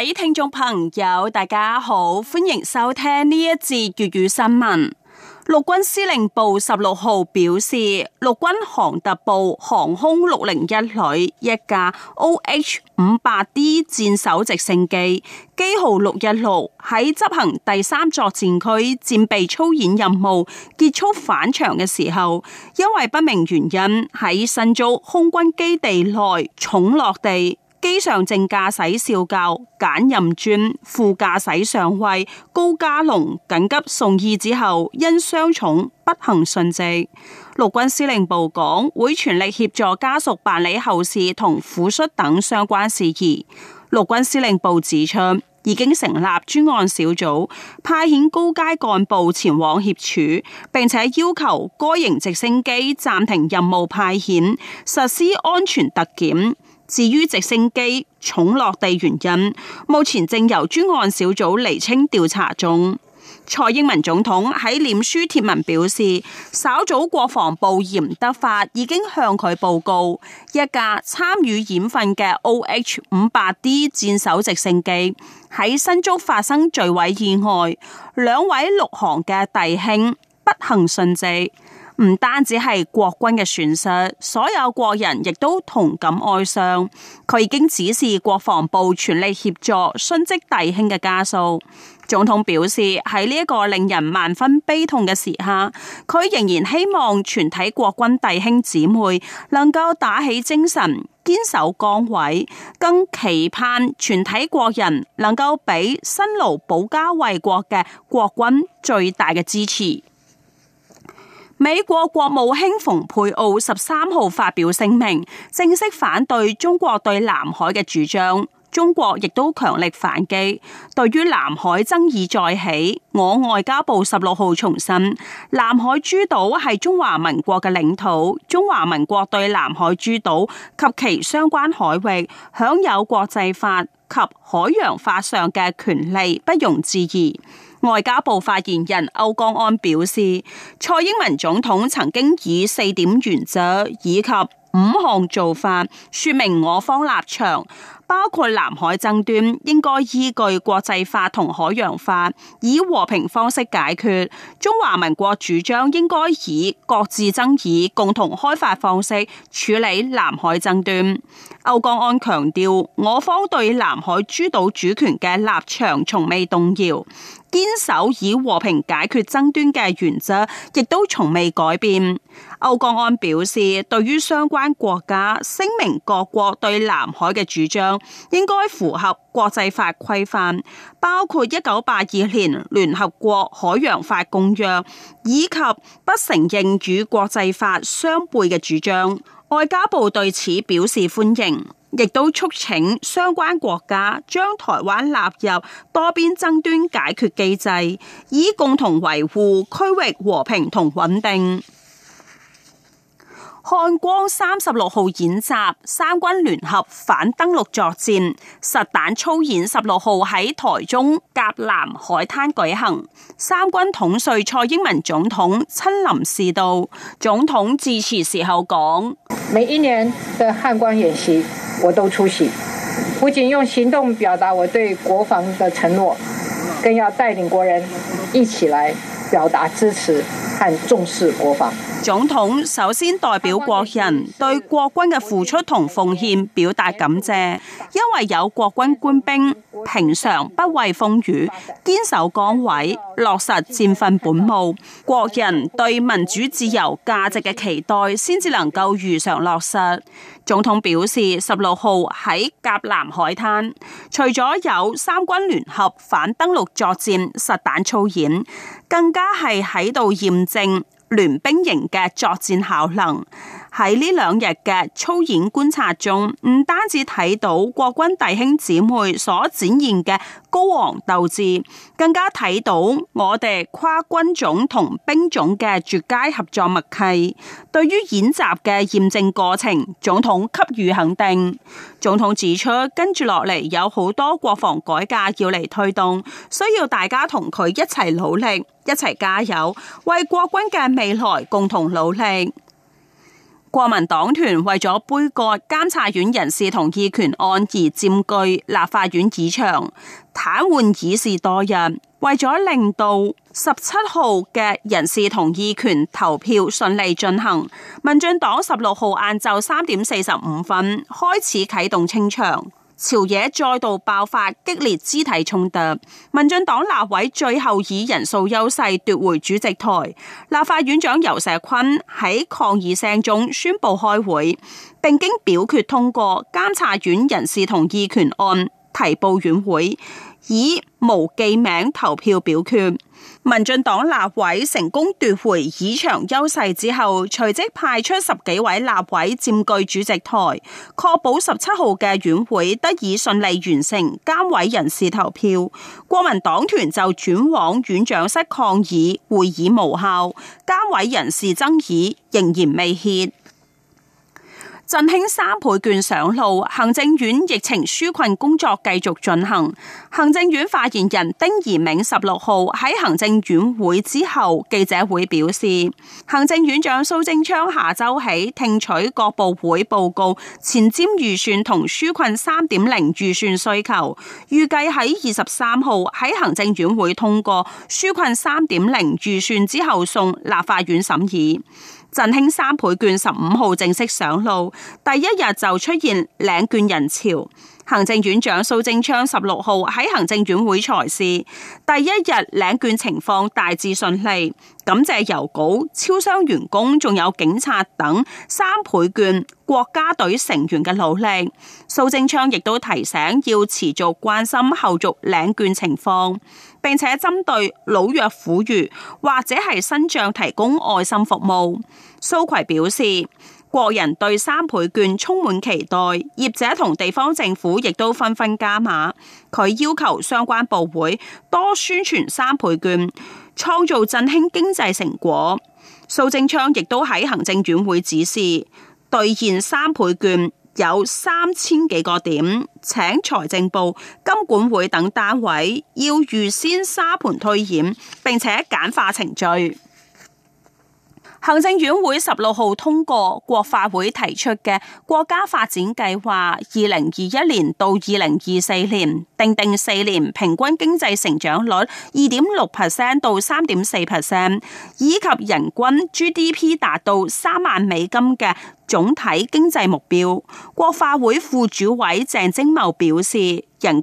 各位聽眾朋友，大家好，歡迎收聽呢一節粵語新聞。陸軍司令部十六號表示，陸軍航特部航空六零一旅一架 O H 五八 D 戰搜直升機，機號六一六，喺執行第三作戰區戰備操演任務結束返場嘅時候，因為不明原因喺新造空軍基地內重落地。機上正駕駛少校簡任尊、副駕駛上尉高家龍，緊急送醫之後，因傷重不幸殉職。陸軍司令部講，會全力協助家屬辦理後事同撫恤等相關事宜。陸軍司令部指出，已經成立專案小組，派遣高階幹部前往協助，並且要求該型直升機暫停任務派遣，實施安全特檢。至於直升機重落地原因，目前正由專案小組釐清調查中。蔡英文總統喺臉書貼文表示，稍早國防部嚴德發已經向佢報告一架參與演訓嘅 OH 五八 D 戰搜直升機喺新竹發生墜毀意外，兩位陸航嘅弟兄不幸殉職。唔單止係國軍嘅損失，所有國人亦都同感哀傷。佢已經指示國防部全力協助殉職弟兄嘅家屬。總統表示，喺呢一個令人萬分悲痛嘅時刻，佢仍然希望全體國軍弟兄姊妹能夠打起精神，堅守崗位，更期盼全體國人能夠俾辛勞保家衛國嘅國軍最大嘅支持。美國國務卿蓬佩奧十三號發表聲明，正式反對中國對南海嘅主張。中國亦都強力反擊，對於南海爭議再起，我外交部十六號重申，南海諸島係中華民國嘅領土，中華民國對南海諸島及其相關海域享有國際法及海洋法上嘅權利，不容置疑。外交部發言人歐江安表示，蔡英文總統曾經以四點原則以及五項做法說明我方立場。包括南海爭端，應該依據國際法同海洋法，以和平方式解決。中華民國主張應該以各自爭議共同開發方式處理南海爭端。歐江安強調，我方對南海諸島主權嘅立場從未動搖，堅守以和平解決爭端嘅原則亦都從未改變。歐江安表示，對於相關國家聲明各國對南海嘅主張。應該符合國際法規範，包括一九八二年聯合國海洋法公約，以及不承認與國際法相悖嘅主張。外交部對此表示歡迎，亦都促請相關國家將台灣納入多邊爭端解決機制，以共同維護區域和平同穩定。漢光三十六號演習，三軍聯合反登陸作戰實彈操演十六號喺台中甲南海灘舉行，三軍統帥蔡英文總統親臨視導，總統致辭時候講：每一年的漢光演習我都出席，不僅用行動表達我對國防嘅承諾，更要帶領國人一起來表達支持。重視國防。總統首先代表國人對國軍嘅付出同奉獻表達感謝，因為有國軍官兵平常不畏風雨，堅守崗位，落實戰訓本務，國人對民主自由價值嘅期待先至能夠如常落實。總統表示，十六號喺甲南海灘，除咗有三軍聯合反登陸作戰實彈操演。更加係喺度驗證聯兵營嘅作戰效能。喺呢兩日嘅操演觀察中，唔單止睇到國軍弟兄姊妹所展現嘅高昂鬥志，更加睇到我哋跨軍種同兵種嘅絕佳合作默契。對於演習嘅驗證過程，總統給予肯定。總統指出，跟住落嚟有好多國防改革要嚟推動，需要大家同佢一齊努力，一齊加油，為國軍嘅未來共同努力。國民黨團為咗杯葛監察院人事同意權案而佔據立法院議場，癱瘓已是多日。為咗令到十七號嘅人事同意權投票順利進行，民進黨十六號晏晝三點四十五分開始啟動清場。朝野再度爆發激烈肢體衝突，民進黨立委最後以人數優勢奪回主席台。立法院長游錫堃喺抗議聲中宣布開會，並經表決通過監察院人事同意權案提報院會，以無記名投票表決。民進黨立委成功奪回議場優勢之後，隨即派出十幾位立委佔據主席台，確保十七號嘅院會得以順利完成監委人事投票，國民黨團就轉往院長室抗議，會議無效。監委人事爭議仍然未歇。振興三倍券上路，行政院疫情紓困工作繼續進行。行政院發言人丁怡銘十六號喺行政院會之後記者會表示，行政院長蘇貞昌下周起聽取各部會報告前瞻預算同紓困三點零預算需求，預計喺二十三號喺行政院會通過紓困三點零預算之後送立法院審議。振興三倍券十五號正式上路，第一日就出現領券人潮。行政院長蘇貞昌十六號喺行政院會裁示，第一日領券情況大致順利，感謝郵局、超商員工仲有警察等三倍券國家隊成員嘅努力。蘇貞昌亦都提醒要持續關心後續領券情況，並且針對老弱婦孺或者係身障提供愛心服務。蘇揆表示，國人對三倍券充滿期待，業者同地方政府亦都紛紛加碼。佢要求相關部會多宣傳三倍券，創造振興經濟成果。蘇貞昌亦都喺行政院會指示，兌現三倍券有三千幾個點，請財政部、金管會等單位要預先沙盤推演，並且簡化程序。行政院會十六號通過國發會提出嘅國家發展計劃，二零二一年到二零二四年，訂定四年平均經濟成長率二點六 percent 到三點四 percent，以及人均 GDP 達到三萬美金嘅總體經濟目標。國發會副主委鄭貞茂表示，人均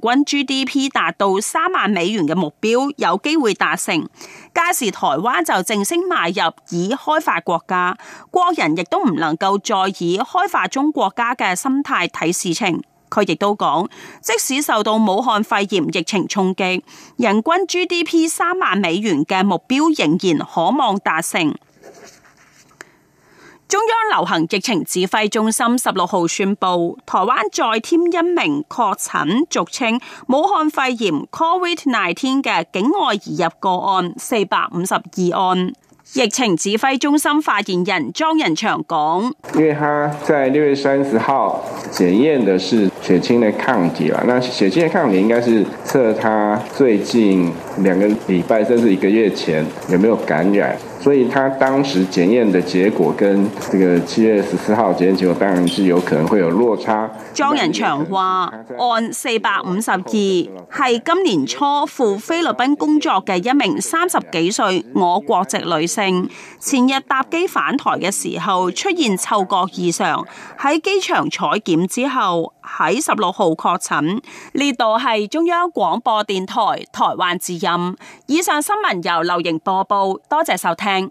GDP 達到三萬美元嘅目標有機會達成。屆時台灣就正式邁入已開發國家，國人亦都唔能夠再以開發中國家嘅心態睇事情。佢亦都講，即使受到武漢肺炎疫情衝擊，人均 GDP 三萬美元嘅目標仍然可望達成。中央流行疫情指揮中心十六號宣布，台灣再添一名確診，俗稱武漢肺炎 （COVID-19） 嘅境外移入個案四百五十二案。疫情指揮中心發言人莊人祥講：因為他在六月三十號檢驗嘅是血清嘅抗體啦，那血清嘅抗體應該是測他最近兩個禮拜甚至一個月前有沒有感染。所以他當時檢驗的結果跟這個七月十四號檢驗結果，當然是有可能會有落差。莊人祥話，案四百五十二係今年初赴菲律賓工作嘅一名三十幾歲我國籍女性，前日搭機返台嘅時候出現嗅覺異常，喺機場採檢之後，喺十六號確診，呢度係中央廣播電台台灣之音。以上新聞由劉瑩播報，多謝收聽。